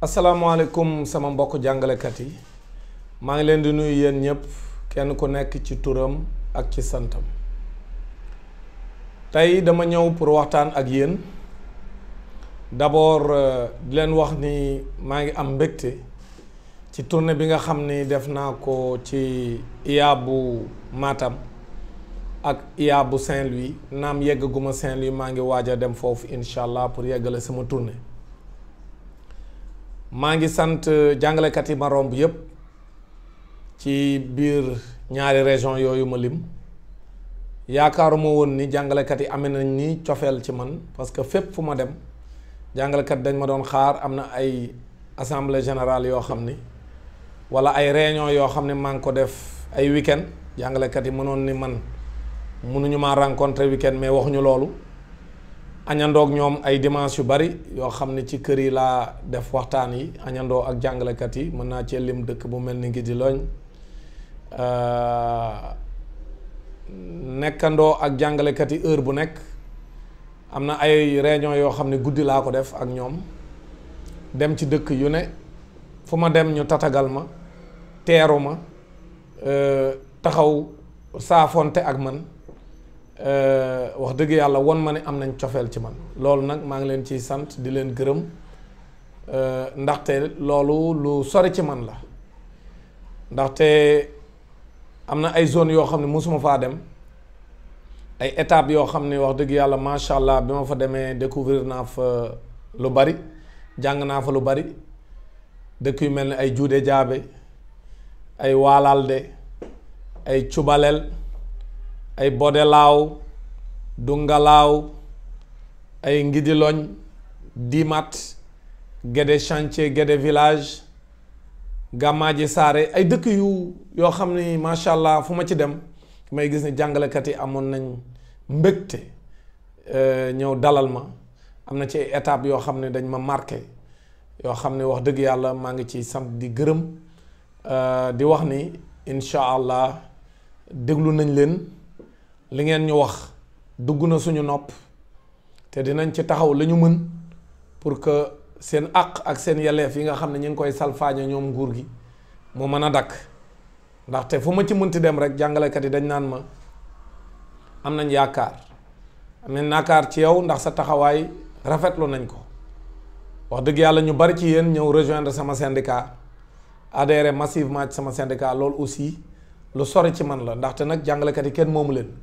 asalaamaaleykum sama mbokk jàngalekat yi maa ngi leen di nuyu yéen ñëpp kenn ku nekk ci turam ak ci santam tey dama ñëw pour waxtaan ak yéen d'abord euh, di leen wax ni maa ngi am mbégte ci tournée bi nga xam ni def naa ko ci IA maatam ak IA bu Saint-Louis naam yeggaguma Saint-Louis maa ngi waaj a dem foofu incha allah pour yeggalee sama tournée maa ngi sant euh, jàngalekat yi ma romb yépp ci biir ñaari région yooyu ma lim yaakaaruma woon ni jàngalekat yi amee nañ ni cofeel ci man parce que fépp fu ma dem jàngalekat dañ ma doon xaar am na ay assemblée générale yoo xam ni wala ay réunion yoo xam ne maa ngi ko def ay week-end jàngalekat yi mënoon ni man mënuñu maa rencontre week-end mais waxuñu loolu añandook ñoom ay dimanche yu bari yoo xam ne ci kër yi laa def waxtaan yi añandoo ak jàngalekat yi mën naa cee lim dëkk bu mel ni ngi di loñ nekkandoo ak jàngalekat yi heure bu nekk am na ay réunion yoo xam ne guddi laa ko def ak ñoom dem ci dëkk yu ne fu ma dem ñu tatagal ma teeru ma taxaw saafonte ak man Euh, wax dëgg yàlla wan ma ne am nañ cofeel ci man loolu nag maa ngi leen ciy sant di leen gërëm euh, ndaxte loolu lu sori ci man la ndaxte am na ay zone yoo xam ne mosuma faa dem ay étapes yoo xam ne wax dëgg yàlla macha allah bi ma fa demee découvrir naa fa lu bari jàng naa fa lu bari dëkk yu mel ni ay juude jaabe ay waalaalde ay cubaleel ay bodelaaw dungalaaw ay ngidiloñ dimat gede chantier gede village gàmmaaji saare ay dëkk yu yoo xam ni macha allah fu ma ci dem may gis ni jàngalekat yi amoon nañ mbégte euh, ñëw dalal ma am na ci ay étapes yoo xam ne dañ ma marqué yoo xam ne wax dëgg yàlla maa ngi ci sant di gërëm euh, di wax ni incha allah déglu nañ leen li ngeen ñu wax dugg na suñu nopp te dinañ ci taxaw la ñu mën pour que seen àq ak seen yelleef yi nga xam ne ñu ngi koy salfaañe ñoom nguur gi mu mën a dakk ndaxte fu ma ci mënti dem rek jàngalekat yi dañ naan ma am nañ yaakaar am nañ yaakaar ci yow ndax sa taxawaay rafetlu nañ ko wax dëgg yàlla ñu bari ci yéen ñëw rejoindre sama syndicat adhéré massivement ci sama syndicat loolu aussi lu sori ci man la ndaxte nag jàngalekat yi kenn moomu leen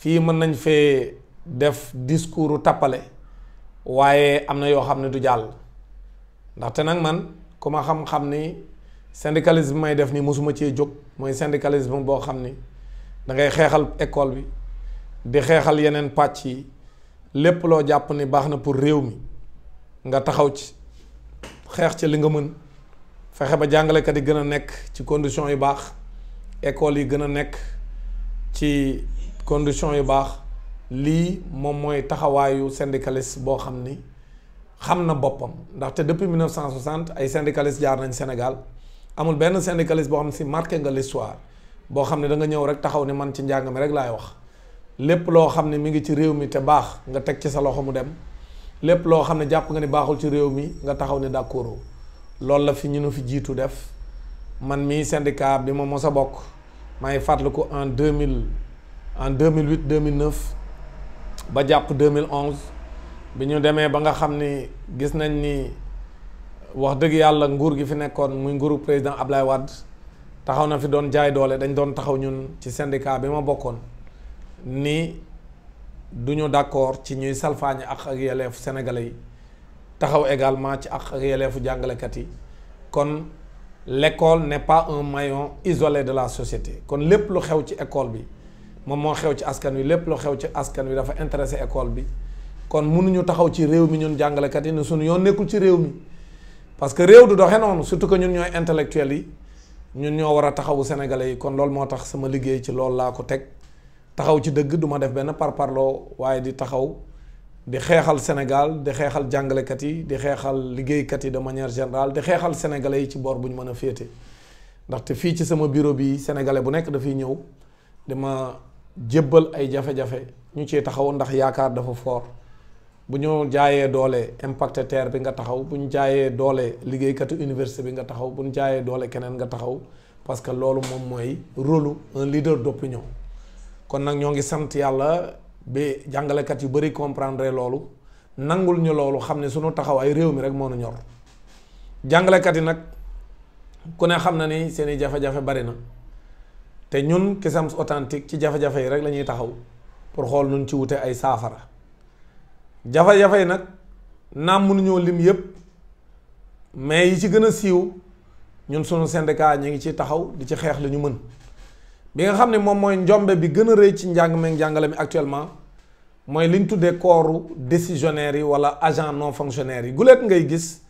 fii mën nañ fee def discours tappale waaye am na yoo xam ne du jàll ndaxte nag man ku ma xam-xam ni syndicalisme may def nii mosuma cee jóg mooy syndicalisme boo xam ni da ngay xeexal école bi di xeexal yeneen pàcc yi lépp loo jàpp ni baax na pour réew mi nga taxaw ci xeex ci li nga mën fexe ba jàngalekat yi gën a nekk ci conditions yu baax école yi gën a nekk ci condition yu baax lii moom mooy taxawaayu syndicaliste boo xam ni xam na boppam ndaxte depuis 1960 ay syndicalistes jaar nañ Sénégal amul benn syndicaliste boo xam ne si marqué nga l'histoire boo xam ne da nga ñëw rek taxaw ni man ci njàng mi rek laay wax lépp loo xam ne mi ngi ci réew mi te baax nga teg ci sa loxo mu dem lépp loo xam ne jàpp nga ni baaxul ci réew mi nga taxaw ni d'accord loolu la fi ñu nu fi jiitu def man mii syndicat bi ma mos a bokk may fàttaliku en 2000 en 2008 2009 ba jàpp 2011 bi ñu demee ba nga xam ni gis nañ ni wax dëgg yàlla nguur gi fi nekkoon muy nguuru président Ablaye Wade taxaw na fi doon jaay doole dañ doon taxaw ñun ci syndicat bi ma bokkoon ni duñu ñu d'accord ci ñuy salfaañi ak ak yelleefu sénégalais yi taxaw également ci ak ak yelleefu jàngalekat yi kon lekkool ne pas un mayon isolé de la société kon lépp lu xew ci école bi moom moo xew ci askan wi lépp lu xew ci askan wi dafa intéressé école bi kon mënuñu taxaw ci réew mi ñun jàngalekat yi ne suñu yoon nekkul ci réew mi parce que réew du doxee noonu surtout que ñun ñooy intellectuels yi ñun ñoo war a taxawu sénégalais yi kon loolu moo tax sama liggéey ci lool laa ko teg taxaw ci dëgg duma def benn par parparloo waaye di taxaw di xeexal senegal di xeexal jàngalekat yi di xeexal liggéeykat yi de manière générale di xeexal sénégalais yi ci boor bu ñu mën a féete ndaxte fii ci sama bureau bi sénégalais bu nekk dafay ñëw jébbal ay jafe-jafe ñu ci taxaw ndax yaakaar dafa foor bu ñu jaayee doole impacté terre bi nga taxaw bu ñu jaayee doole liggéeykatu université bi nga taxaw bu ñu jaayee doole keneen nga taxaw parce que loolu moom mooy rôle un leader d'opinion kon nag ñoo ngi sant yàlla bi jàngalekat yu bëri comprendre loolu nangul ñu loolu xam ne suñu taxaw ay réew mi rek moo nu ñor jàngalekat yi nag ku ne xam na ni seeni jafe-jafe bari na te ñun Cusems authentique ci jafe-jafe yi rek la ñuy taxaw pour xool nun ci wute ay saafara jafe-jafe yi nag naam mënuñoo lim yépp mais yi ci gën a siiw ñun sunu syndicat ñu ngi ci taxaw di ci xeex li ñu mën bi nga xam ne moom mooy njombe bi gën a rëy ci njàng meeg njàngale mi actuellement mooy li ñu tuddee kooru décisionnaires yi wala agent non fonctionnaires yi guleet ngay gis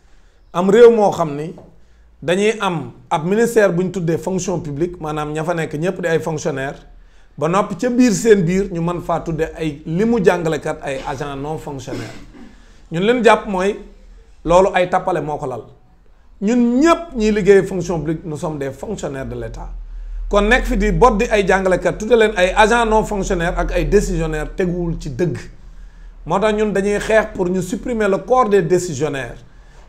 am réew moo xam ni dañuy am ab ministère bu ñu tuddee fonction publique maanaam ña fa nekk ñëpp di ay fonctionnaire ba noppi ca biir seen biir ñu man faa tuddee ay li mu jàngalekat ay agent non fonctionnaire ñun leen jàpp mooy loolu ay tappale moo ko lal ñun ñëpp ñiy liggéey fonction publique nous sommes des fonctionnaires de l'État kon nekk fi di bot di ay jàngalekat tudde leen ay agent non fonctionnaire ak ay décisionnaire teguwul ci dëgg moo tax ñun dañuy xeex pour ñu supprimer le corps décisionnaires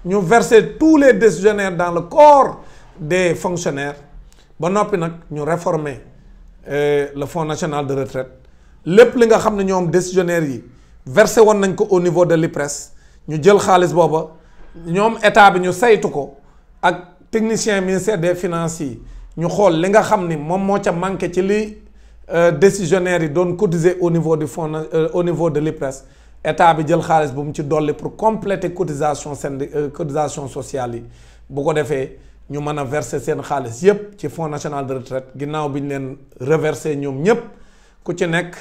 ñu verser tous les décisionnaires dans le corps des fonctionnaires ba noppi nag ñu réformer euh, le fonds national de retraite lépp li nga xam ne ñoom décisionnaires yi versé woon nañ ko au niveau de l'IPRES ñu jël xaalis booba ñoom état bi ñu saytu ko ak technicien ministère des finances yi ñu xool li nga xam ni moom moo ca manqué ci li euh, décisionnaires yi doon cotiser au niveau de fonds euh, au niveau de les l'IPRES état bi jël xaalis bu mu ci dolli pour compléter cotisation seen euh, cotisation sociale yi bu ko defee ñu mën a verser seen xaalis yépp ci fonds national de retraite ginnaaw bi ñu leen reverser ñoom ñépp ku ci nekk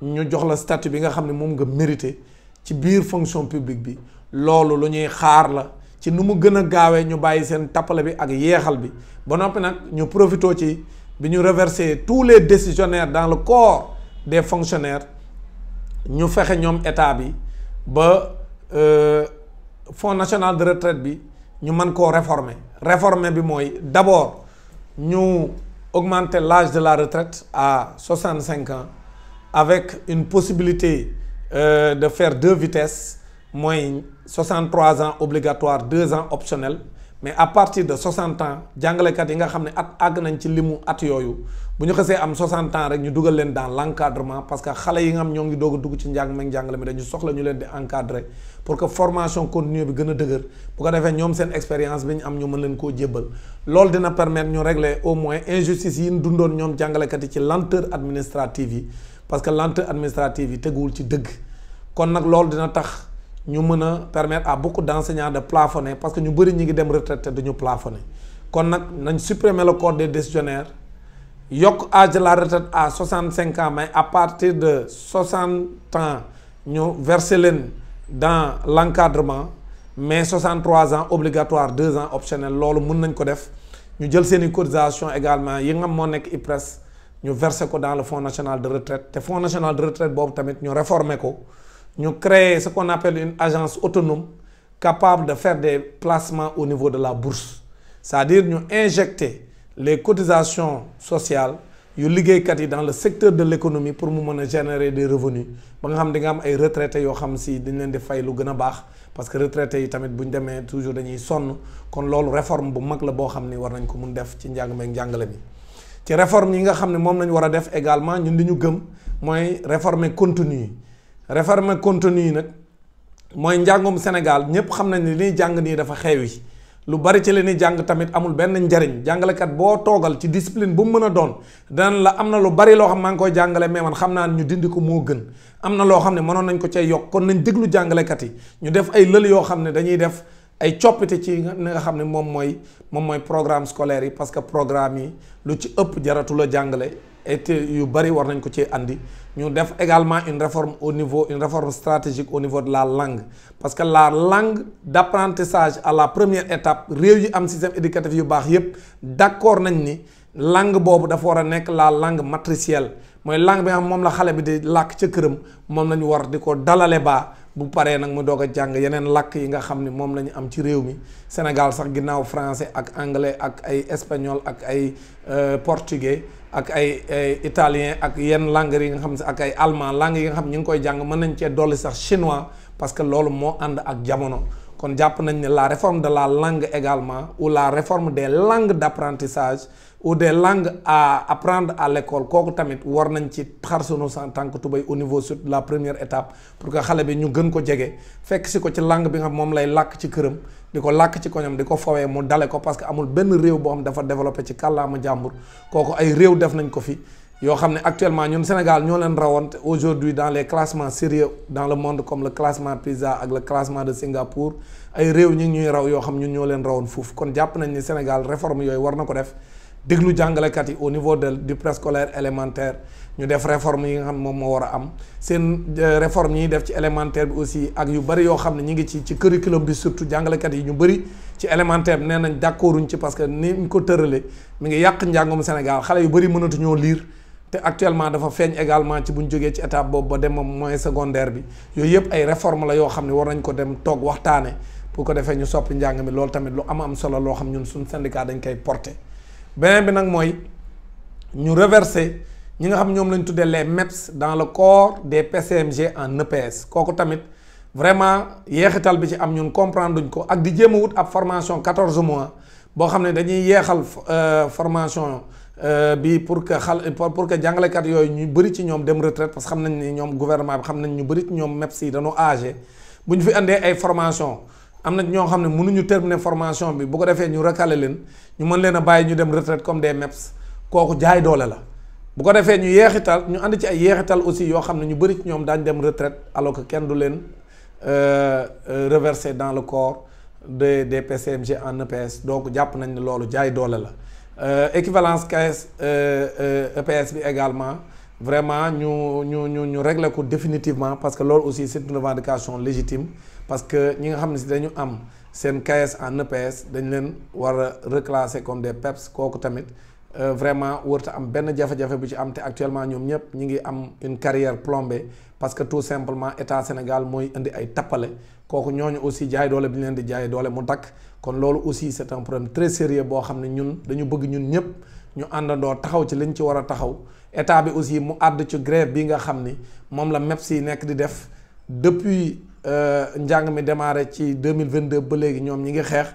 ñu jox la statut bi nga xam ne moom nga mérité ci biir fonction publique bi loolu lu ñuy xaar la ci nu mu gën a gaawee ñu bàyyi seen tappale bi ak yeexal bi ba noppi nag ñu profitoo ci bi ñu reverser tous les décisionnaires dans le corps des fonctionnaires ñu fexe ñoom état bi ba euh, fonds national de retraite bi ñu mën ko réformer réformer bi mooy d'abord ñu augmenter lage de la retraite à soixante-cinq ans avec une possibilité euh, de faire deux vitesses mooy soixante-trois ans obligatoire deux ans optionnels mais à partir de 60 ans jàngalekat yi nga xam ne at àgg nañ ci limu at yooyu bu ñu xasee am 60 ans rek ñu dugal leen dans l' encadrement parce que xale yi nga xam ñoo ngi doog a dugg ci njàng meeg njàngale mi dañu soxla ñu leen di encadrer pour que formation continue bi gën a dëgër bu ko defee ñoom seen expérience bi ñu am ñu mën leen koo jébbal loolu dina permettre ñu régler au moins injustice yi ñu dundoon ñoom jàngalekat yi ci lenteur administrative yi parce que lenteur administrative yi teguwul ci dëgg kon nag loolu dina tax. ñu mën a permettre à beaucoup d' enseignants de plafonner parce que ñu bëri ñi ngi dem retraité duñu plafonner kon nag nañ supprimer le corps des décisionnaires yokk âge de la retraite à 65 ans mais à partir de 60 ans ñu verse leen dans l' encadrement mais 63 ans obligatoire 2 ans optionnel loolu mun nañ ko def ñu jël seen i cotisation également yi nga moo nekk IPRES ñu verser ko dans le fonds national de retraite te fonds national de retraite boobu tamit ñu réformer ko ñu créer ce qu'on appelle une agence autonome capable de fair des placements au niveau de la bourse c'est-à-dire ñu injecter les cotisations sociale yu liggéeykat yi dans le secteur de l'économie pour mu mën a générer de revenus ba nga xam di nga am ay retraités yoo xam si dañ leen di fay lu gën a baax parce que retraités yi tamit bu ñu demee toujours dañuy sonn kon loolu réforme bu mag la boo xam ni war nañ ko mun def ci njàng meeg njàngale bi ci réforme yi nga xam ne moom lañ war a def également ñun li ñu gëm mooy réformer continue réforme continue nag mooy njàngum Sénégal ñëpp xam nañ ne li jàng nii dafa xeewi lu bari ci li ñuy jàng tamit amul benn njariñ jàngalekat boo toogal ci discipline bu mu mën a doon dan la am na lu bari loo xam maa ngi koy jàngale mais man xam naa ñu dindi ko moo gën am na loo xam ne mënoon nañ ko cay yokk kon nañ déglu jàngalekat yi ñu def ay lël yoo xam ne dañuy def ay coppite ci ni nga xam ne moom mooy moom mooy programme scolaire yi parce que programme yi lu ci ëpp jaratula jàngale et yu bëri war nañ ko ci indi ñu def également une réforme au niveau une réforme stratégique au niveau de la langue parce que la langue d'apprentissage à la première étape réew yi am système éducatif yu baax yépp d'accord nañ ni langue boobu dafa war a nekk la langue matricielle mooy langue bi nga xam moom la xale bi di lakk ca këram moom la ñu war di ko dalale baa bu paree nag mu doog a jàng yeneen lakk yi nga xam ni moom la ñu am ci réew mi Sénégal sax ginnaaw français ak anglais ak ay espagnol ak ay euh, portugais ak ay italien ak yenn langues yi nga xam ne ak ay allemand langues yi nga xam ñu ngi koy jàng mën nañ cee dolli sax chinois parce que loolu moo ànd ak jamono kon jàpp nañ ne la réforme de la langue également ou la réforme des langues d'apprentissage ou des langues à apprendre à l'école kooku tamit war nañ ci xar sunu san tànk tubéy au niveau sur la première étape pour que xale bi ñu gën ko jege fekk si ko ci langue bi nga xam moom lay làkk ci këram di ko làkk ci ko koñam di ko fowee mu dale ko parce que amul benn réew boo xam dafa développé ci kàllaama jàmbur kooku ay réew def nañ ko fi yoo xam ne actuellement ñun Sénégal ñoo leen rawoon te aujourd'hui dans les classements sérieux dans le monde comme le classement PISA ak le classement réew ñi ngi ñuy yoo xam ñun ñoo leen rawoon foofu kon jàpp nañ ni Sénégal yooyu war na ko def déglu jàngalekat yi au niveau de du préscolaire élémentaire ñu def réforme yi nga xam moom moo war a am seen euh, réforme yi def ci élémentaire bi aussi ak yu bari yoo xam ne ñu ngi ci ci kër curriculum bi surtout jàngalekat yi ñu bëri ci élémentaire bi nee nañ d'accorduñ ci parce que ni ñu ko tëralee mi ngi yàq njàngum Sénégal xale yu bëri mënatuñoo liir te actuellement dafa feeñ également ci bu jógee ci étape boobu ba dem moyen secondaire bi yooyu yëpp ay réforme la yoo xam ne war nañ ko dem toog waxtaane pour ko defee ñu soppi njàng mi loolu tamit lu am am solo loo xam ñun suñ syndicat dañ koy porter beneen bi nag mooy ñu reverser ñi nga xam ñoom lañ tuddee les mets dans le corps des PCMG en EPS kooku tamit vraiment yeexital bi ci am ñun comprendre ko ak di jéem wut ab formation 14 mois boo xam ne dañuy yeexal euh, formation euh, bi pour que xal pour que jàngalekat yooyu ñu bëri ci ñoom dem retraite parce xam nañ ni ñoom gouvernement bi xam nañ ñu bëri ci ñoom MEPS yi dañoo âgé bu ñu fi indee ay formation am na ñoo xam ne mënuñu terminer formation bi bu ko defee ñu recalé leen ñu mën leen a bàyyi ñu dem retraite comme des MEPS kooku jaay doole la bu ko defee ñu yeexital ñu ànd ci ay yeexital aussi yoo xam ne ñu bëri ci ñoom daañu dem retraite alors que kenn du leen euh, euh, reversé dans le corps de des PCMG en EPS donc jàpp nañ ne loolu jaay doole la euh, équivalence caisse EPS bi également vraiment ñu ñu ñu ñu régler ko définitivement parce que loolu aussi c'est une revendication légitime parce que ñi nga xam ne si dañu am seen KS en EPS dañ leen war a reclasser comme des PEPS kooku tamit euh, vraiment warta am benn jafe-jafe bu ci am te actuellement ñoom ñëpp ñu ngi am une carrière plombée parce que tout simplement état Sénégal mooy indi ay tappale kooku ñoo ñu aussi jaay doole bi ñu leen di jaay doole mu dakk kon loolu aussi c'est un problème très sérieux boo xam ne ñun dañu bëgg ñun ñëpp ñu àndandoo taxaw ci liñ ci war a taxaw état bi aussi mu àdd ci grève bi nga xam ni moom la MEPS yi nekk di def depuis Euh, njàng mi démarré ci deux mille vingt deux ba léegi ñoom ñi ngi xeex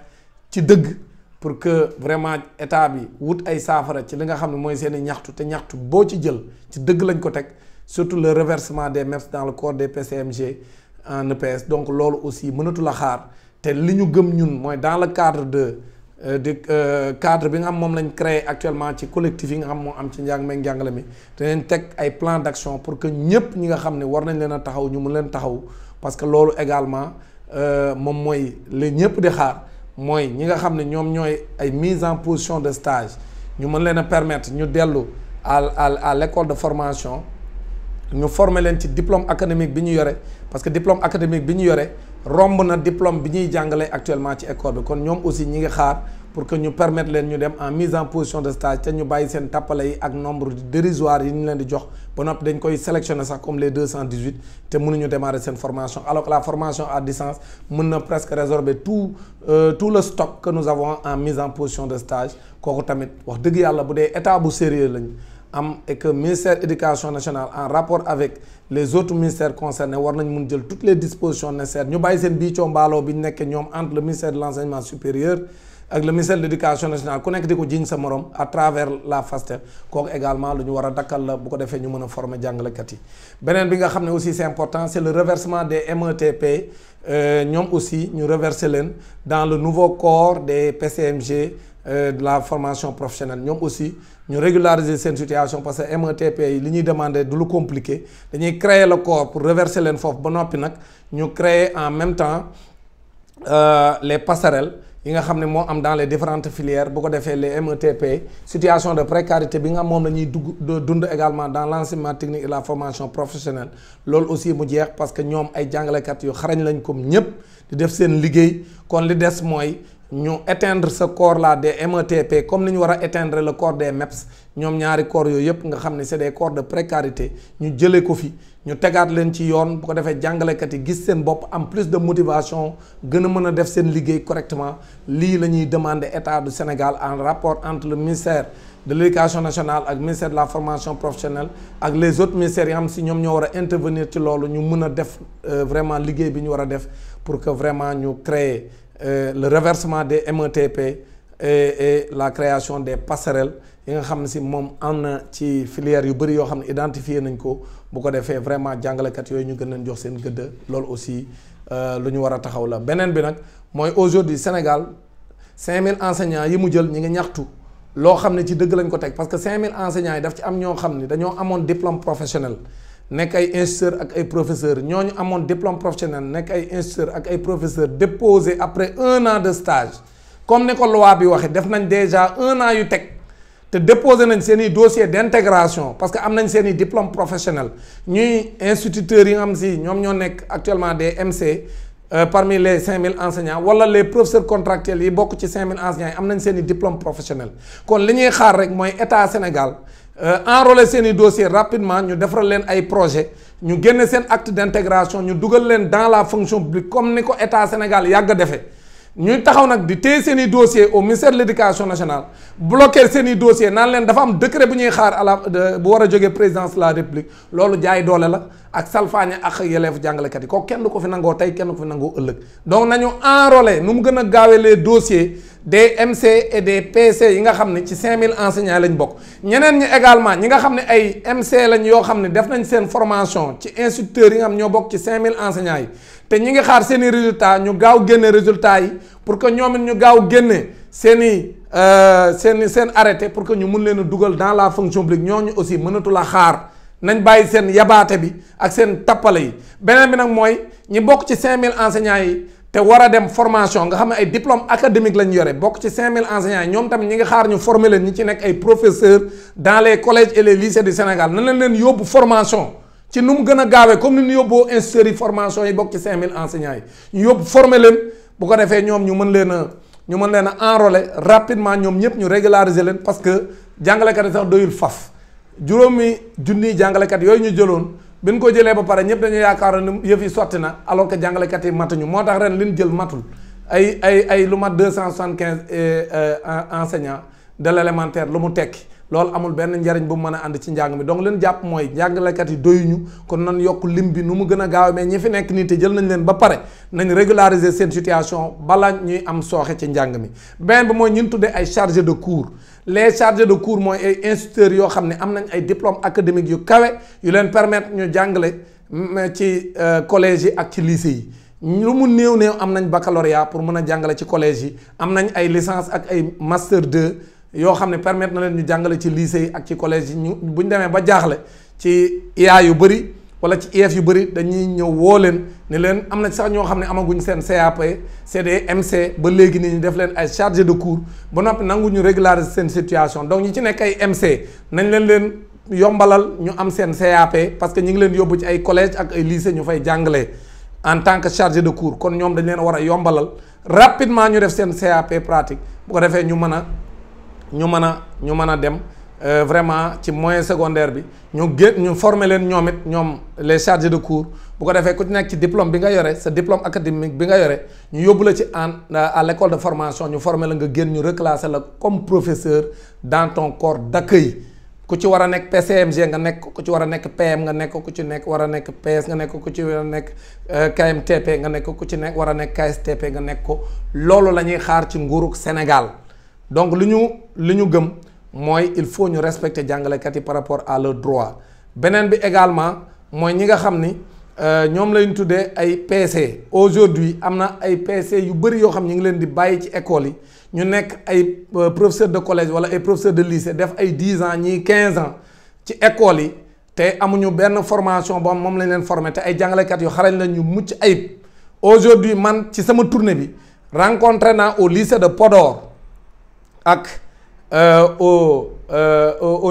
ci dëgg pour que vraiment état bi wut ay saafara ci li nga xam ne mooy seen i ñaxtu te ñaxtu boo ci jël ci dëgg lañ ko teg surtout le reversement des MEPS dans le corps des PCMG en EPS donc loolu aussi mënatul a xaar te li ñu gëm ñun mooy dans le cadre de euh, de euh, cadre bi nga xam moom lañ créé actuellement ci collective yi nga xam moo am ci njàng meeg njàngale mi dinañ teg ay plan d'action pour que ñëpp ñi nga xam ne war nañ leen a taxaw ñu mun leen taxaw parce que loolu également euh, moom mooy li ñëpp di xaar mooy ñi nga xam ne ñoom ñooy ay mise en position de stage ñu mën leen a permettre ñu dellu à à l'école de formation ñu former leen ci diplôme académique bi ñu yore parce que diplôme académique bi ñu yore romb na diplôme bi ñuy jàngale actuellement ci école bi kon ñoom aussi ñi ngi xaar pour que ñu permettre leen ñu dem en mise en position de stage te ñu bàyyi seen tàppale yi ak nombre dérisoire yi ñu leen di jox ba noppi dañ koy sélectionner sax comme les deux cent dix huit te mënuñu démarrer seen formation alors que la formation à distance mën na presque résorber euh, tout le stock que nous avons en mise en position de stage kooku tamit wax dëgg yàlla bu dee état bu sérieux lañ am et que ministère éducation nationale en rapport avec les autres ministères concernés war nañ mun jël toutes les dispositions nécessaires ñu bàyyi seen ak le ministère de l'éducation nationale ku nekk di ko jiñ sa morom à travers la FASTEF kooku également lu ñu war a dakkal la bu ko defee ñu mën a former jàngalekat yi beneen bi nga xam ne aussi c'est important c'est le reversement des METP euh, ñoom aussi ñu reverser leen dans le nouveau corps des PCMG euh, de la formation professionnelle ñoom aussi ñu régulariser seen situation parce que METP yi li ñuy demander du lu compliqué dañuy créer la corps pour reverser leen foofu ba noppi nag ñu créer en même temps euh, les passerelles yi nga xam ne moo am dans les différentes filières bu ko defee les METP situation de précarité bi nga xam moom la ñuy dugg dund également dans l'enseignement technique et la formation professionnelle loolu aussi mu jeex parce que ñoom ay jàngalekat yu xarañ lañ comme ñëpp di def seen liggéey kon li des mooy ñu éteindre sa corps là des METP comme ni ñu war a éteindre le corps des MEPS ñoom ñaari corps yooyu yëpp nga xam ne c'est des corps de précarité ñu jëlee ko fi. ñu tegaat leen ci yoon bu ko defee jàngalekat yi gis seen bopp en plus de motivation gën a mën a def seen liggéey correctement lii la ñuy demander état du Sénégal en rapport entre le ministère de l'éducation nationale ak ministère de la formation professionnelle ak les autres ministères yi xam si ñoom ñoo war a intervenir ci loolu ñu mën a def euh, vraiment liggéey bi ñu war a def pour que vraiment ñu créer euh, le reversement des METP et la création des passerelles yi nga xam ne si moom am na ci filière yu bari yoo xam ne identifié nañ ko bu ko defee vraiment jàngalekat yooyu ñu gën leen jox seen gëdd loolu aussi euh, lu ñu war a taxaw la beneen bi nag mooy aujourd'hui Sénégal 5000 enseignants yi mu jël ñi ngi ñaxtu loo xam ne ci dëgg lañ ko teg parce que 5000 enseignants yi daf ci am ñoo xam ni dañoo amoon diplôme professionnel nekk ay instituteurs ak ay professeurs ñooñu amoon diplôme professionnel nekk ay instituteurs ak ay professeurs déposé après un an de stage comme ni ko loi bi waxee def nañ déjà un an yu teg te déposé nañ seen i dossier d' intégration parce que am nañ seen i diplôme professionnel ñuy instituteurs yi nga xam si ñoom ñoo nekk actuellement des MC euh, parmi les mille enseignants wala les professeurs contractuels yi bokk ci 5000 enseignants yi am nañ seen i diplôme professionnel kon li ñuy xaar rek mooy état Sénégal euh, enrôler seeni i dossier rapidement ñu defaral leen ay projet ñu génne seen acte d' ñu dugal leen dans la fonction publique comme ni ko état Sénégal yàgg defee ñuy taxaw nag di téye seeni i dossier au ministère de l'éducation nationale bloquer seen i dossier naan leen dafa am décret bu ñuy xaar à la bu war a jógee présidence la république loolu jaay doole la ak salfaañe ak yeleefu jàngalekat yi ko kenn du ko fi nangoo tey kenn ko fi nangoo ëllëg donc nañu enrôler nu mu gën a gaawee les dossiers des MC et PC yi nga xam ne ci 5000 enseignants lañ bokk ñeneen ñi également ñi nga xam ne ay MC lañ yoo xam ne def nañ seen formation ci instructeurs yi nga xam ñoo bokk ci 5000 enseignants yi te ñi ngi xaar seen i résultat ñu gaaw génne résultat yi pour que ñoom it ñu gaaw génne seen i euh, seen seen arrêté pour que ñu mun leen dugal dans la fonction publique ñu aussi mënatula xaar nañ bàyyi seen yabaate bi ak seen tappale yi beneen bi nag mooy ñi bokk ci 5000 enseignants yi te war a dem formation nga xam ne ay diplôme académique lañ yore bokk ci 5000 enseignants yi ñoom tamit ñi ngi xaar ñu former leen ñi ci nekk ay professeurs dans les collèges et Sénégal na leen leen yóbbu formation ci nu mu gën a gaawee comme ni ñu yóbboo instituteurs formation yi bokk ci 5000 enseignants yi ñu yóbbu former leen bu ko defee ñoom ñu mën leen a ñu mën leen a enrôler rapidement ñoom ñëpp ñu régulariser leen parce que jàngalekat yi sax doyul faf juróomi junniy jàngalekat yooyu ñu jëloon bi ñu ko jëlee ba pare ñëpp dañu yaakaar ne yëf yi sotti na alors que jàngalekat yi ñu moo tax ren li ñu jël matul ay ay ay lu mat 275 euh, euh, enseignants de l' élémentaire lu mu tekki. loolu amul benn njariñ bu mu mën a ànd ci njàng mi donc leen jàpp mooy njàngalekat yi doyuñu kon nan yokk lim bi nu mu gën a gaaw mais ñi fi nekk nii te jël nañ leen ba pare nañ régulariser seen situation bala ñuy am sooxe ci njàng mi beneen bi mooy ñun tuddee ay chargés de cours les chargés de cours mooy ay instituteurs yoo xam ne am nañ ay diplôme académique yu kawe yu leen permettre ñu jàngale euh, ci euh, collège yi ak ci lycée yi lu mu néew néew am nañ baccalauréat pour mën a jàngale ci collège yi am nañ ay licence ak ay master 2 yoo xam ne permettre na leen ñu jàngale ci lycée yi ak ci collège yi ñu bu ñu demee ba jaaxle ci IA yu bëri wala ci IEF yu bëri dañuy ñëw woo leen ne leen am na sax ñoo xam ne amaguñ seen CAP CDMC ba léegi nii ñu def leen ay chargé de cours ba noppi nanguñu régulariser seen situation donc ñu ci nekk ay MC nañ leen leen yombalal ñu am seen CAP parce que ñu ngi leen yóbbu ci ay collège ak ay lycée ñu fay jàngalee en tant que chargé de cours kon ñoom dañ leen war a yombalal rapidement ñu def seen CAP pratique bu defee ñu mën a ñu mën a ñu mën a dem euh, vraiment ci moyen secondaire bi ñu gé ñu former leen ñoom it ñoom les chargés de cours bu ko defee ku ci nekk ci diplôme bi nga yore sa diplôme académique bi nga yore ñu yóbbu la ci en euh, à l'école de formation ñu former la nga génn ñu reclasser la comme professeur dans ton corps d'accueil ku ci war a nekk PCMG nga nekk ko ci war a nekk PM nga nekk ku ci nekk war a nekk PS nga nekk ko ci war a nekk euh, KMTP nga nekk ku ci nekk war a nekk KSTP nga nekk ko loolu la ñuy xaar ci nguurug Sénégal donc lu ñu li ñu gëm mooy il faut ñu respecter jàngalekat yi par rapport à leur droit beneen bi également mooy ñi nga xam ni euh, ñoom lañ tuddee ay PC aujourd'hui am na ay PC yu bëri yoo xam ñu ngi leen di bàyyi ci école yi ñu nekk ay euh, professeur de collège wala ay professeur de lycée def ay dix ans ñii quinze ans ci école yi te amuñu benn formation boo moom lañ leen formé te ay jàngalekat yu xarañ lañ ñu mucc ayib aujourd'hui man ci sama tournée bi rencontré naa au lycée de Podor ak euh, euh, au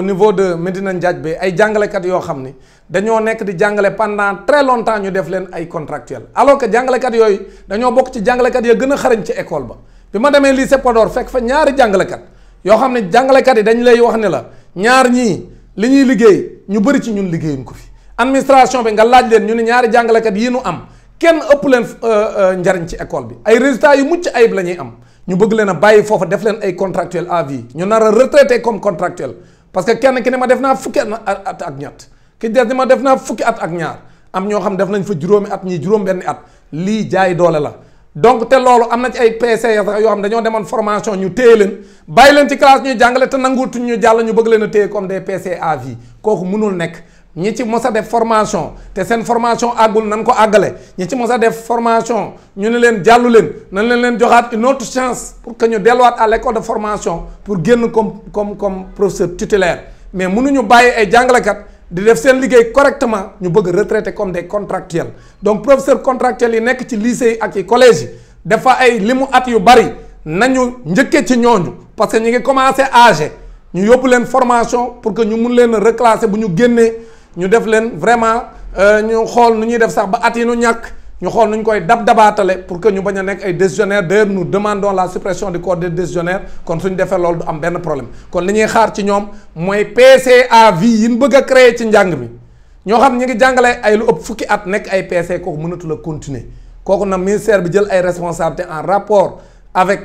au niveau de Medina Njaaj bi ay jàngalekat yoo xam ni dañoo nekk di jàngale pendant très longtemps ñu def leen ay contractuel alors que jàngalekat yooyu dañoo bokk ci jàngalekat ya gën a xarañ ci école ba bi ma demee lycée Podor fekk fa ñaari jàngalekat yoo xam ne jàngalekat yi dañ lay wax ne la ñaar ñii li ñuy liggéey ñu bëri ci ñun liggéeyuñ ko fi administration bi nga laaj leen ñu ne ñaari jàngalekat yi nu am kenn ëpp leen euh, euh, njariñ ci ecole bi ay résultats yu mucc ayib la ñuy am ñu bëgg leen a bàyyi foofa def leen ay contractuel à vie ñu nara a retraité comme contractuel parce que kenn ki ne ma def naa fukki at ak ñett ki des ni ma def naa fukki at ak ñaar am ñoo xam def nañ fa juróomi at ñii juróom-benni at lii jaay doole la. donc te loolu am na ci ay PC yoo xam dañoo demoon formation ñu téye leen bàyyi leen ci classe ñuy jàngale te nanguutuñ ñu jàll ñu bëgg leen a téye comme des PC à kooku mënul nekk ñi ci mos a def formation te seen formation àggul nan ko àggale ñi ci mos a def formation ñu ne leen jàllu leen nan leen leen joxaat une autre chance pour que ñu delluwaat à l'école de formation pour génn comme comme comme professeur titulaire mais mënuñu bàyyi ay jàngalekat di def seen liggéey correctement ñu bëgg retraité comme des contractuels donc professeur contractuels yi nekk ci lycée yi ak ci collège yi dafa ay limu at yu bari nañu njëkkee ci ñooñu parce que ñu ngi commencé âgé ñu yóbbu leen formation pour que ñu mun leen reclasser bu ñu génnee ñu def leen vraiment euh, ñu xool nu ñuy def sax ba at yi nu ñàkk ñu xool nu ñu koy dab dabaatale pour que ñu bañ a nekk ay décisionnaires d'ailleurs nous demandon la suppression du corps des décisionnaires kon suñ defee loolu du am benn problème kon li ñuy xaar ci ñoom mooy PCA vie yi ñu bëgg a créer ci njàng mi ñoo xam ñu ngi jàngale ay lu ëpp fukki at nekk ay PC kooku mënatu la continuer kooku nag ministère bi jël ay responsabilités en rapport avec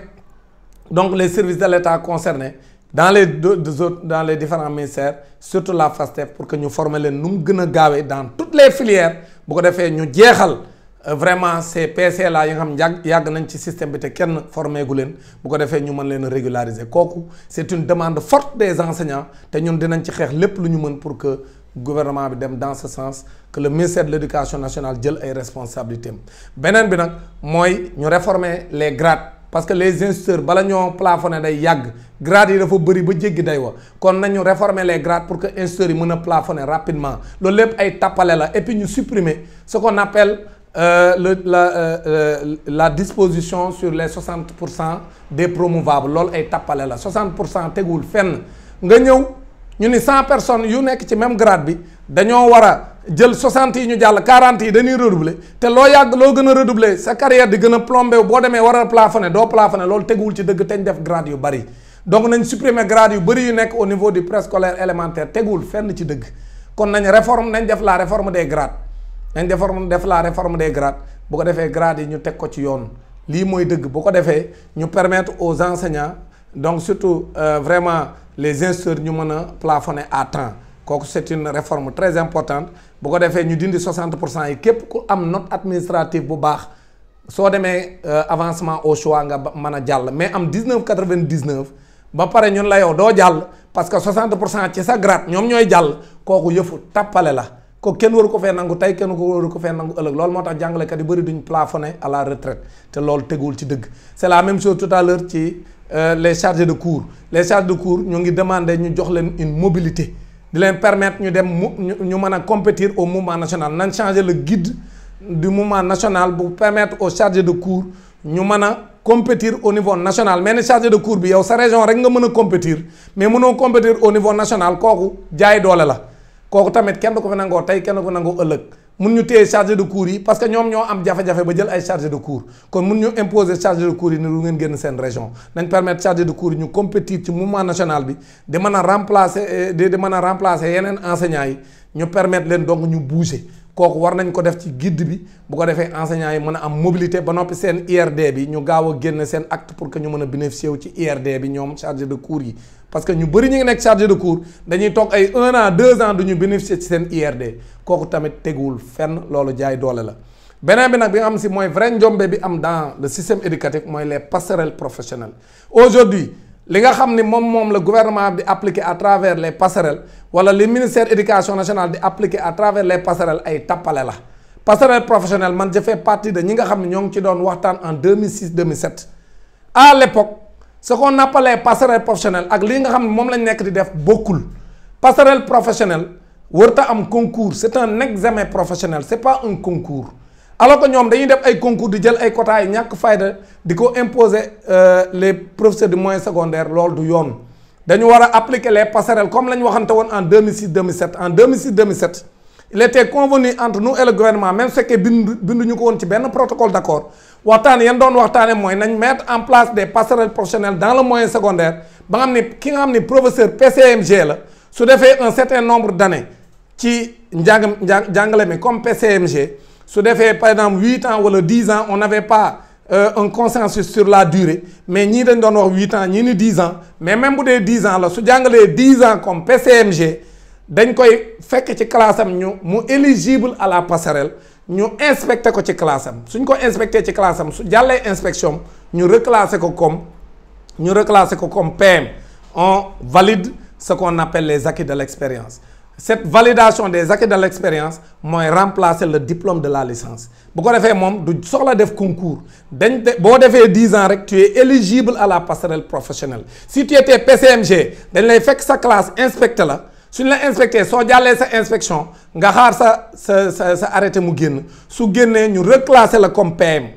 donc les services de l'État concernés dans les deux autres dans les différents ministères surtout la FASTEF pour que ñu former leen nu mu gën a gaawee dans toutes les filières bu ko defee ñu jeexal euh, vraiment ces PC la yi nga xam yàgg yàgg nañ ci système bi te kenn formé gu leen bu ko defee ñu mën leen a régulariser kooku c'est une demande forte des enseignants te ñun dinañ ci xeex lépp lu ñu mën pour que gouvernement bi dem dans ce sens que le ministère de l'éducation nationale jël ay responsabilités beneen bi nag mooy ñu réformer les grades parce que les instituteurs bala ñoo plafonné day yàgg. grades yi dafa bëri ba jéggi day wa kon nañu réformer les grades pour que instituteurs yi mën a plafonner rapidement loolu lépp ay tappale la et puis ñu supprimer ce qu'on appelle euh, la euh, euh, la disposition sur les 60 pour cent des promouvables loolu ay tappale la 60 pour cent tegul fenn nga ñëw ñu ni cent personnes yu nekk ci même grade bi dañoo war a jël 60 yi ñu jàll 40 yi dañuy redoubler te loo yàgg loo gën a redoubler sa carrière di gën a plombé boo demee war a plafonner doo plafonner loolu teguwul ci dëgg teñ def grade yu bëri donc nañ supprimer grade yu bëri yu nekk au niveau du préscolaire élémentaire tegul fenn ci dëgg kon nañ réforme nañ def la réforme des grades nañ deforme def la réforme des grades bu ko defee grades yi ñu teg ko ci yoon lii mooy dëgg bu ko defee ñu permettre aux enseignants donc surtout euh, vraiment les instructeurs ñu mën a plafonner à temps kooku c'est une réforme très importante bu ko defee ñu dindi 60 pour cent yi képp ku am note administrative bu baax soo demee euh, avancement au choix nga mën a jàll mais am 19 99 ba pare ñun la yow doo jàll parce que 60 pour cent ci sa grade ñoom ñooy jàll kooku yëfu tappale la ko kenn waru ko fee nangu tey kenn waru ko fee nangu ëllëg lool moo tax jàngalekat yu bëri duñ plafonné à la retraite te loolu teguwul ci dëgg c'est la même chose tout à ci euh, les chargés de cours les chargés de cours ñu ngi demandé ñu jox leen une mobilité di leen permettre ñu dem mu ñu mën a compétir au mouvement national nañ changer le guide du mouvement national bu permettre aux chargés de cours ñu mën a compétir au niveau national mais ne chargé de cours bi yow sa région rek nga mën a compétir mais mënoo compétir au niveau national kooku jaay doole la kooku tamit kenn du ko fi nangoo tey kenn du ko nangoo ëllëg mun ñu téye chargé de cours yi parce que ñoom ñoo am jafe-jafe ba jël ay chargé de cours kon mun ñu imposer chargé de cours yi ne lu ngeen génn seen région nañ permettre chargé de cours yi ñu compétir ci mouvement national bi di mën a remplacer eh, di mën a remplacer yeneen yi ñu permettre leen donc ñu bouger kooku war nañ ko def ci guide bi bu ko defee enseignants yi mën a am mobilité ba noppi seen IRD bi ñu gaaw a génne seen acte pour que ñu mën a bénéficier wu ci IRD bi ñoom chargé de cours yi parce que ñu bëri ñu ngi nekk chargé de cours dañuy toog ay un an deux ans du bénéficier ci seen IRD kooku tamit teguwul fenn loolu jaay doole la beneen bi nag bi am si mooy vrai njombe bi am dans le système éducatif mooy les passerelles professionnelles aujourd'hui li nga xam ni moom moom la gouvernement bi appliqué à travers les passerelles wala li ministère éducation nationale di appliqué à travers les passerelles ay tappale la passerelle professionnelle man je fais partie ñi nga xam ne ñoo ngi ci doon waxtaan en 2006 2007 à l'époque ce qu'on appelait passerelle professionnelle ak li nga xam ne moom lañu nekk di def bokkul passerelle professionnelle warta am concours c'est un examen professionnel c'est pas un concours alors que ñoom dañuy def ay concours di jël ay quotas yu ñàkk fayda di ko imposer euh, les professeurs du moyen secondaire lool du yoon dañu war a appliquer les passerelles comme la ñu waxante woon en 2006 2007 en 2006 2007 il était convenu entre nous et le gouvernement même su fekkee bindu binduñu ko woon ci benn protocole d'accord waxtaan yan doon waxtaanee mooy nañ mettre en place des passerelles professionnelles dans le moyen secondaire ba nga xam ni ki nga xam ni professeur la su defee un certain nombre d'années ci njàngam njàngale mi comme PCMG. su defee par exemple huit ans wala dix ans on n'avait pas euh, un consensus sur la dure mais ñii dañ doon wax huit ans ñii ni dix ans mais même bu dee dix ans la su jàngalee dix ans comme PCMG dañ koy fekk ci classe am ñu mu éligible à la passerelle ñu inspecté ko ci classe am suñ ko inspecté ci classe am su jàllee inspection ñu reclassé ko comme ñu reclassé ko comme PM on valide ce qu'on appelle les acquis de l'expérience cette validation des acquis de l'expérience mooy remplacer le diplôme de la licence bu ko defee moom du soxla def concours dañ boo defee dix ans rek tu es éligible à la passerelle professionnelle si tu étais PCMG dañ lay fekk sa classe inspecte la suñ la inspecté soo jàllee sa inspection nga xaar sa sa sa sa arrêté mu génn su génnee ñu reclasser la comme PM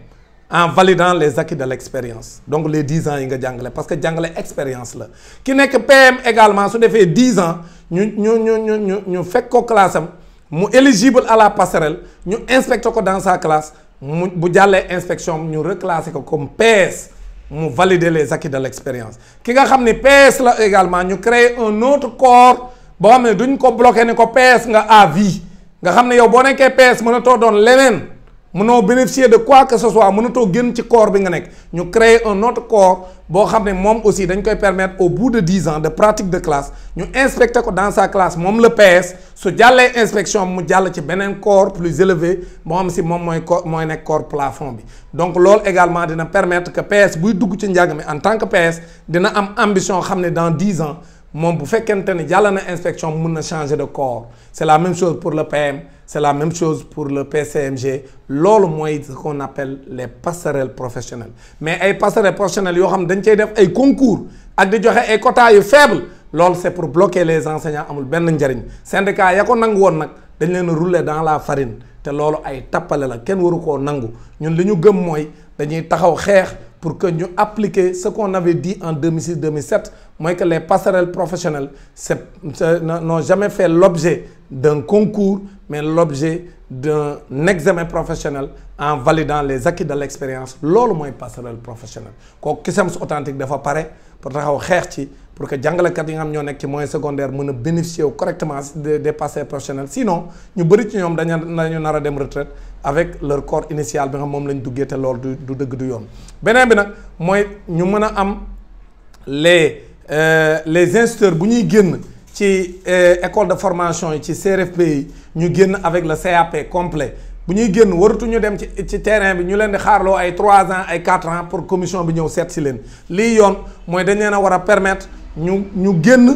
en validant les acquis de l' expérience donc les dix ans yi nga jàngale parce que jàngale expérience la ki nekk am également su defee dix ans ñu ñu ñu ñu ñu ñu fekk ko classe am mu éligible à la passerelle ñu inspecté ko dans sa classe mu bu jàllee inspection ñu reclassé ko comme PS mu valider les acquis de lexpérience ki nga xam ni PS la également ñu créer un autre corps boo xam ne duñ ko bloqué ni ko PS nga à vie nga xam ne yow boo nekkee PS mën a too doon leneen mënoo bénéficier de quoi que ce soit mënatoo génn ci corps bi nga nekk ñu créer un autre corps boo xam ne moom aussi dañ koy permettre au bout de dix ans de pratique de classe ñu inspecter ko dans sa classe moom la PS su jàllee inspection mu jàll ci beneen corps plus élevé moo am si moom mooy corps mooy nekk corps plafond bi donc loolu également dina permettre que PS buy dugg ci njàng mi en tant que PS dina am ambition xam ne dans dix ans moom bu fekkente ni jàll na inspection mun na changer de corps c'est la même chose pour le PM c'est la même chose pour le PCMG loolu mooy ce qu'on les passerelles professionnelles mais ay passerelles professionnelles yoo xam dañ cay def ay concours ak di joxe ay quotas yu faible loolu c'est pour bloquer les enseignants amul benn njariñ syndicat ya ko nangu woon nag dañ leen rule dans la farine te loolu ay tappale la kenn waru koo nangu ñun li ñu gëm mooy dañuy taxaw xeex pour que ñu appliquer ce qu'on avait dit en 2006 2007 mooy que les passerelles professionnelles c'est n'ont jamais fait l'objet d'un concours, mais l'objet d'un examen professionnel en validant les acquis de l'expérience. C'est ce passerelle professionnelle. Donc, qui est authentique de faire pareil pour travailler pour que jàngalekat yi les gens qui ont qui moyen secondaire puissent bénéficier correctement des passerelles professionnelles. Sinon, nous beaucoup de gens qui ont retraite avec leur corps initial, qui ont été lors du deug Benen bi nak moy ñu mëna am les euh, les institeurs bu ñuy génn ci eh, école de formation yi ci CRFP yi ñu génn avec le CAP complet bu ñuy génn waratuñu dem ci ci terrain bi ñu leen di xaarloo ay trois ans ay 4 ans pour commission bi ñëw seet si leen lii yoon mooy dañ leen a war a permetre ñu ñu génn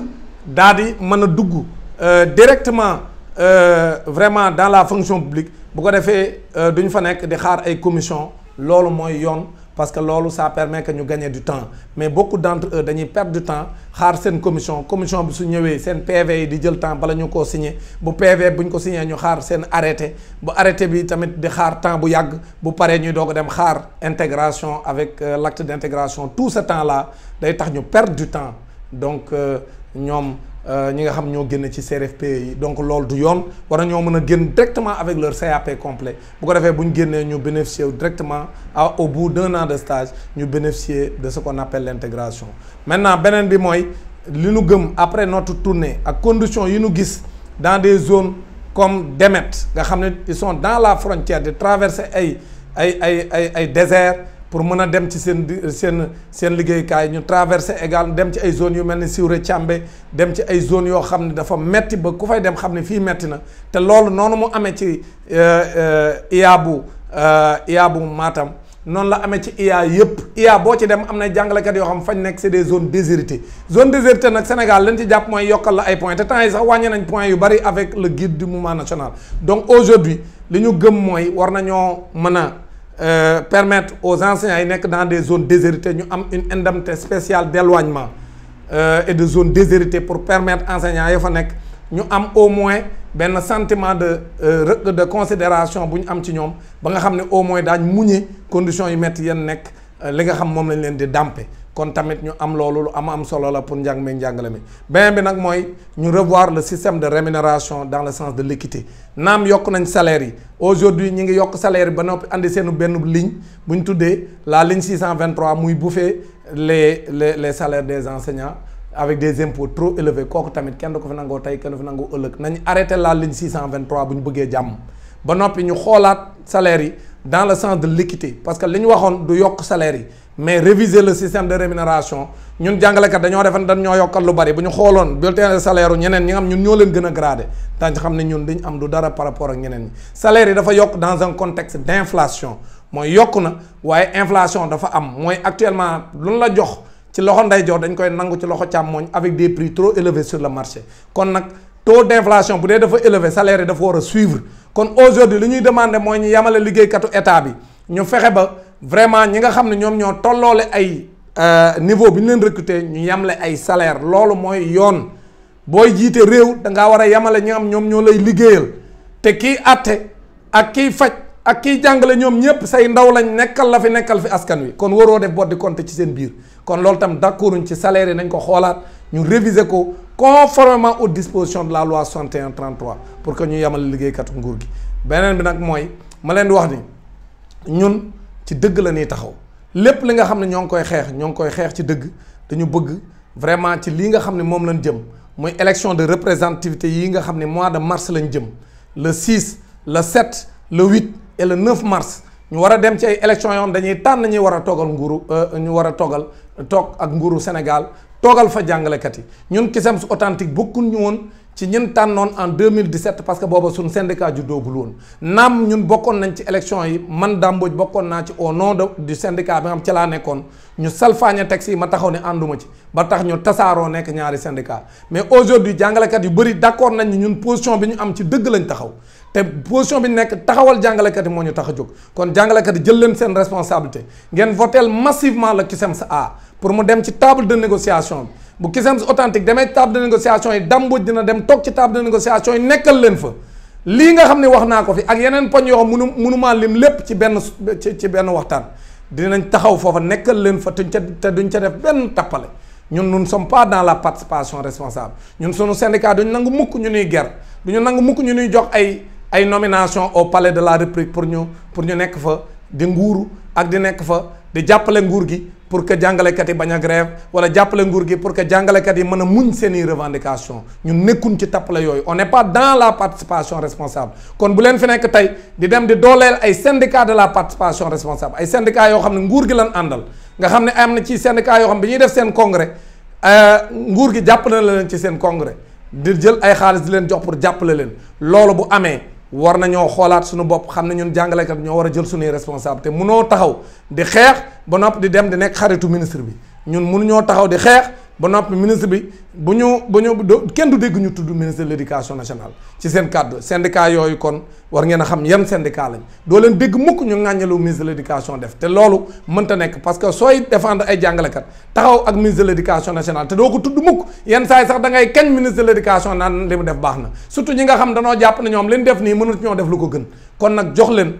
daal di mën a dugg euh, directement euh, vraiment dans la fonction publique bu ko defee euh, duñ fa nekk di xaar ay commission loolu mooy yoon. parce que loolu ça permet que ñu gagner du temps mais beaucoup d'entre eux dañuy perdre du temps xaar seen commission commission bi su ñëwee seen PV yi di jël temps bala ñu koo signer bu PV bu ñu ko signer ñu xaar seen arrêté bu arrêté bi tamit di xaar temps bu yàgg bu paree ñuy doog dem xaar intégration avec euh, l'acte d'intégration tout ce temps là day tax ñu perdre du temps donc euh, ñoom. Euh, ñi nga xam ñoo génn ci CRFP yi donc loolu du yoon war nañoo mën a génn directement avec leur CAP complet bu ko defee bu ñu génnee ñu bénéficier directement à au bout de an de stage ñu bénéficier de ce qu'on appelle l'intégration maintenant beneen bi mooy li nu gëm après notre tournée ak condition yi nu gis dans des zones comme Demet nga xam ne ils sont dans la frontière de traverser ay ay ay ay ay désert pour mën a dem ci seen seen seen liggéeykaay ñu traversé égal dem ci ay zones yu mel ni Siwre Càmbe dem ci ay zones yoo xam ne dafa metti ba ku fay dem xam ne fii metti na te loolu noonu mu amee ci euh, euh, iyaabu euh, iyaabu Matam noonu la amee ci IA yëpp IA boo ci dem am na jàngalekat yoo xam fañ nekk c'est des zones déshéritées zone déshéritée nag Sénégal lañ ci jàpp mooy yokkal la ay points te temps yi sax wàññi nañ points yu bari avec le guide du mouvement national donc aujourd'hui li ñu gëm mooy war nañoo mën a Euh, permettre aux enseignants yi nekk dans des zones déshéritées ñu am une indemnité spéciale d'éloignement euh, et de zones déshéritées pour permettre enseignants ya fa nekk ñu am au moins benn sentiment de euh, de considération bu ñu am ci ñoom ba nga xam ne au moins daañ muñe conditions yu métti yenn nekk euh, li nga xam moom lañ leen di dàmpe kon tamit ñu am loolu lu am am solo la pour njàng mi njàngale mi beneen bi nag mooy ñu revoir le système de rémunération dans le sens de l'équité naam yokk nañ salaire yi aujourd'hui ñu ngi yokk salaire yi ba noppi indi seenu benn ligne bu ñu tuddee la ligne 623 muy bouffer les les les salaires des enseignants avec des impôts trop élevés kooku tamit kenn du ko fi nangoo tey kenn du fi nangoo ëllëg nañ arrêté la ligne 623 bu ñu bëggee jàmm ba noppi ñu xoolaat salaire yi dans le sens de parce que li ñu waxoon du yokk salaire yi mais réviser le système de rémunération ñun jàngalekat dañoo defan dañ ñoo yokkal lu bari bu ñu xooloon bulletin de ñeneen ñi nga xam ñun ñoo leen gën a gradé daañ xam ne ñun dañ am du dara par rapport ak ñeneen ñi salaire yi dafa yokk dans un contexte d' mooy yokk na waaye inflation dafa am mooy actuellement lu luñ la jox ci loxo ndeyjoor dañ koy nangu ci loxo càmmooñ avec des prix trop élevés sur le marché kon nag taux d' inflation bu dee dafa élevé salaire yi dafa war kon aujourd'hui li ñuy demandé mooy ñu yamale liggéeykatu état bi ñu fexe ba vraiment ñi nga xam ne ñoom ñoo tolloole ay euh, niveau bi ñu leen recruter ñu yamle ay salaire loolu mooy yoon booy jiite réew da ngaa war a yamale ñu am ñoom ñoo lay liggéeyal te kii àtte ak kiy faj ak kiy jàngale ñoom ñëpp say ndaw lañ nekkal la fi nekkal fi askan wi kon waroo def bot di ci seen biir kon loolu tam d'accorduñ ci salaire yi nañ ko xoolaat ñu réviser ko conformément au dispositions de la loi 61 33 pour que ñu yamale liggéeykatu nguur gi beneen bi nag mooy ma leen di wax ni ci dëgg la ñuy taxaw lépp li nga xam ne ñoo ngi koy xeex ñoo ngi koy xeex ci dëgg dañu bëgg vraiment ci lii nga xam ne moom lañ jëm muy élection de représentativité yi nga xam ne mois de mars lañ jëm le 6 le 7 le 8 et le 9 mars ñu war a dem ci ay élections yoon dañuy tànn ñi war a toogal nguuru euh, ñu war a toogal toog ak nguuru Sénégal toogal fa jàngalekat yi ñun Cusems authentique ñu woon. ci ñun tànnoon en 2017 parce que booba suñ syndicat juddoogul woon naam ñun bokkoon nañ ci élection yi man Damboj bokkoon naa ci au nom de du syndicat bi nga xam ca laa nekkoon ñu salfaañe teg si ma taxaw ne ànduma ci ba tax ñu tasaaroo nekk ñaari syndicat mais aujourd'hui jàngalekat yu bëri d'accord nañ ni ñun position bi ñu am ci dëgg lañ taxaw te position bi ñu nekk taxawal jàngalekat yi moo ñu tax a jóg kon jàngalekat yi jël leen seen responsabilité ngeen votel massivement le CUSEMS e A pour mu dem ci table de négociation bi bu Cusems authentique demee table de négociation yi dambuj dina dem toog ci table de négociation yi nekkal leen fa lii nga xam ne wax naa ko fi ak yeneen poñ yoo xam munu munumaa lim lépp ci benn ci ci benn waxtaan dinañ taxaw foofa nekkal leen fa tuñ ca te duñ ca def benn tappale ñun nous ne sommes pas dans la participation responsable ñun sunu syndicat duñ nangu mukk ñu nuy ger duñu nangu mukk ñu nuy jox ay ay nomination au palais de la république pour ñu pour ñu nekk fa di ak di nekk fa di jàppale nguur gi pour que jàngalekat yi bañ a grève wala jàppale nguur gi pour que jàngalekat yi mën a muñ seeni revendication ñun nekkuñ ci tappale yooyu on n'est pas dans la participation responsable kon bu leen fi nekk tey di dem di dooleel ay syndicat de la participation responsable ay syndicat yoo xam ne nguur gi lan àndal nga xam ne am na ci syndicat yoo xam bi ñuy def seen congrès euh, nguur gi jàpp la leen ci seen congrès di jël ay xaalis di leen jox pour jàppale leen loolu bu amee war nañoo xoolaat suñu bopp xam ne ñun jàngalekat ñoo war a jël suñuy responsabilité mënoo taxaw di xeex ba noppi di dem di nekk xaritu ministre bi ñun mënuñoo taxaw di xeex ba noppi ministre bi bu ñu bu ñu kenn du dégg ñu tudd ministre de l'éducation nationale ci seen kàddu syndicat yooyu kon war ngeen a xam yan syndicat lañ doo leen dégg mukk ñu ŋàññalu ministre de l'éducation def te loolu mënta nekk parce que sooy défendre ay jàngalekat taxaw ak ministre de l'éducation nationale te doo ko tudd mukk yenn saa yi sax da ngay kañ ministre de l'éducation naan li mu def baax na surtout ñi nga xam danoo jàpp ne ñoom li ñu def nii mënut ñoo def lu ko nag jox leen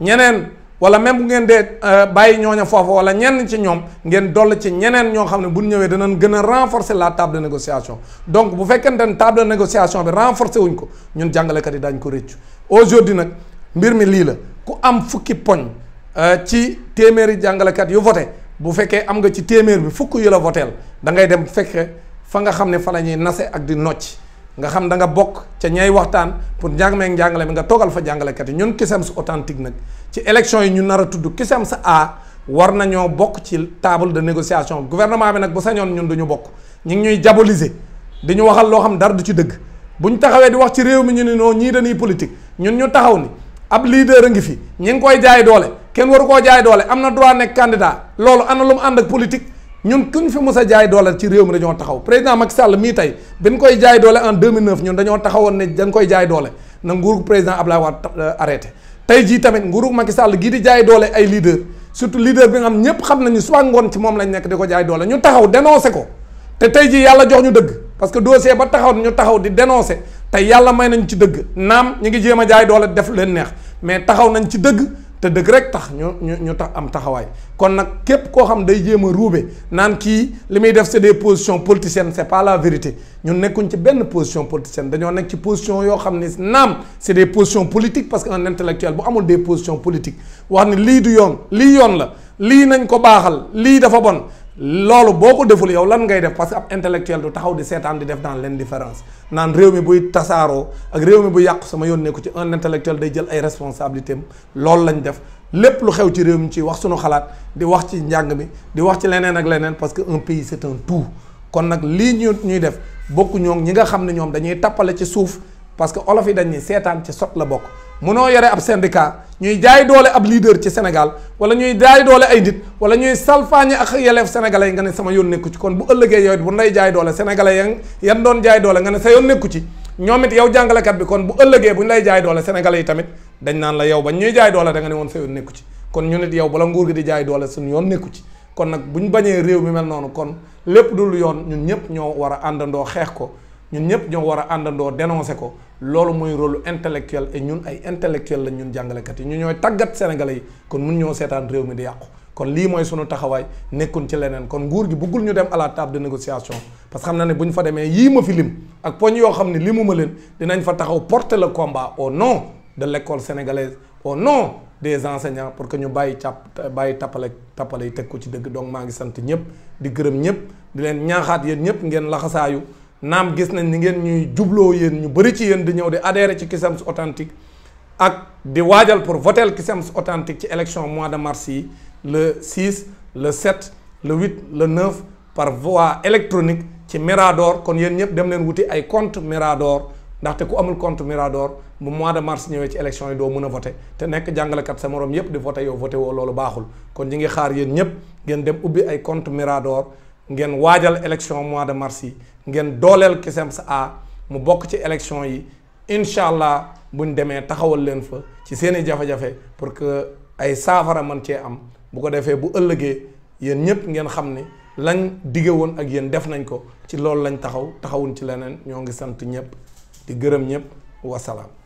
ñeneen. wala même bu ngeen dee euh, bàyyi ñooña foofu wala ñenn ci ñoom ngeen doll ci ñeneen ñoo xam ne bu ñëwee danañ gën a renforcer la table de négociation donc bu fekkente ne table de négociation bi renforcer wuñ ko ñun jàngalekat yi daañ ko rëccu aujourd'hui nag mbir mi lii la ku am fukki poñ euh, ci téeméeri jàngalekat yu voté bu fekkee am nga ci téeméer bi fukk yu la voteel da ngay dem fekke fa nga xam ne fa la ñuy nase ak di nocc nga xam da nga bokk ca ñay waxtaan pour njàng meeg njàngale mi nga toogal fa jàngalekat yi ñun kisam su authentique nag ci élection yi ñu nar a tudd kisam sa a war nañoo bokk ci table de négociation gouvernement bi nag bu ñoon ñun duñu bokk ñu ngi ñuy diaboliser di ñu waxal loo xam dara du ci dëgg bu ñu taxawee di wax ci réew mi ñu ne non ñii dañuy politique ñun ñu taxaw ni ab leader a ngi fi ñi ngi koy jaay doole kenn waru koo jaay doole am na droit nekk candidat loolu ana lu mu ànd politique. ñun kuñ fi mos a jaay doole ci réew mi dañoo taxaw président Macky Sall mii tey bi ñu koy jaay doole en 2009 ñun dañoo taxawoon ne dañ koy jaay doole na nguuru président Abdoulaye Wade euh, arrêté tey jii tamit nguuru Macky Sall gii di jaay doole ay leader surtout leader bi nga xam ñëpp xam nañu suba ngoon ci moom lañ nekk di ko jaay doole ñu taxaw dénoncé ko te tey jii yàlla jox ñu dëgg parce que dossier ba taxaw ñu taxaw di dénoncé te yàlla may nañ ci dëgg naam ñu ngi jéem a jaay doole def leen neex mais taxaw nañ ci dëgg te dëgg rek tax ñu ñu ñu tax am taxawaay kon nag képp koo xam day jéem a ruube naan kii li muy def c'est des positions politiciennes c'est pas la vérité ñun nekkuñ ci benn position politicienne dañoo nekk ci position yoo xam ne naam c'est des positions politiques parce que un intellectuel bu amul des positions politiques wax ni lii du yoon lii yoon la lii nañ ko baaxal lii dafa bon loolu boo ko deful yow lan ngay def parce que ab intellectuel du taxaw di seetaan di def leen l'indifférence naan réew mi buy tasaaroo ak réew mi bu yàqu sama yoon nekku ci un intellectuel day jël ay responsabilités am loolu lañ def lépp lu xew ci réew mi ci wax sunu xalaat di wax ci njàng mi di wax ci leneen ak leneen parce que un pays c'est un tout kon nag lii ñu ñuy def bokku ñoom ñi nga xam ne ñoom dañuy tappale ci suuf parce que olof yi dañuy seetaan ci sot la bokk munoo yore ab syndicat ñuy jaay doole ab leader ci Sénégal wala ñuy jaay doole ay nit wala ñuy salfaañe ak yelleef sénégalais yi nga ne sama yoon nekku ci kon bu ëllëgee yow bu nday jaay doole sénégalais yan yan doon jaay doole nga ne sa yoon ci ñoom it yow jàngalekat bi kon bu ëllëgee bu ñu lay jaay doole sénégalais yi tamit dañ naan la yow ba ñuy jaay doole da nga ne woon sa yoon nekku ci kon ñu nit yow bala nguur gi di jaay doole suñu yoon nekku ci kon nag bu ñu bañee réew mi mel noonu kon lépp dul yoon ñun ñëpp ñoo war a àndandoo xeex ko ñun ñëpp ñoo war a àndandoo dénoncé ko loolu mooy rôle intellectuel et ñun ay intellectuel lañ ñun jàngalekat yi ñu ñooy tàggat sénégalais yi kon mun ñoo seetaan réew mi di yàqu kon lii mooy sunu taxawaay nekkuñ ci leneen kon nguur gi bëggul ñu dem à la table de négociation parce que xam ne bu ñu fa demee yii ma fi lim ak poñ yoo xam ne limuma leen dinañ fa taxaw porte le combat au non de l'école sénégalaise au nom des enseignants pour que ñu bàyyi càpp bàyyi tappale tappale yi teg ko ci dëgg donc maa ngi sant ñëpp di gërëm ñëpp di leen ñaaxaat yéen ñëpp ngeen laxasaayu naam gis nañ ni ngeen ñuy jubloo yéen ñu bëri ci yéen di ñëw di adhéré ci Cusems authentique ak di waajal pour voter Cusems authentique ci élection mois de mars yi le 6 le 7 le 8 le 9 par voie électronique ci Mirador kon yéen ñëpp dem leen wuti ay compte Mirador ndaxte ku amul compte Mirador bu mois de mars ñëwee ci élection yi doo mën a voter te nekk jàngalekat sa morom yëpp di voter yow voter loolu baaxul kon ñi ngi xaar yéen ñëpp ngeen dem ubbi ay compte ngeen waajal élection mois de mars yi ngeen dooleel CUSEMS A mu bokk ci élection yi incha allah buñ demee taxawal leen fa ci seen i jafe-jafe pour que ay saafara man cee am bu ko defee bu ëllëgee yéen ñëpp ngeen xam ni lañ dige woon ak yéen def nañ ko ci loolu lañ taxaw taxawuñ ci leneen ñoo ngi sant ñëpp di gërëm ñëpp wasalaam.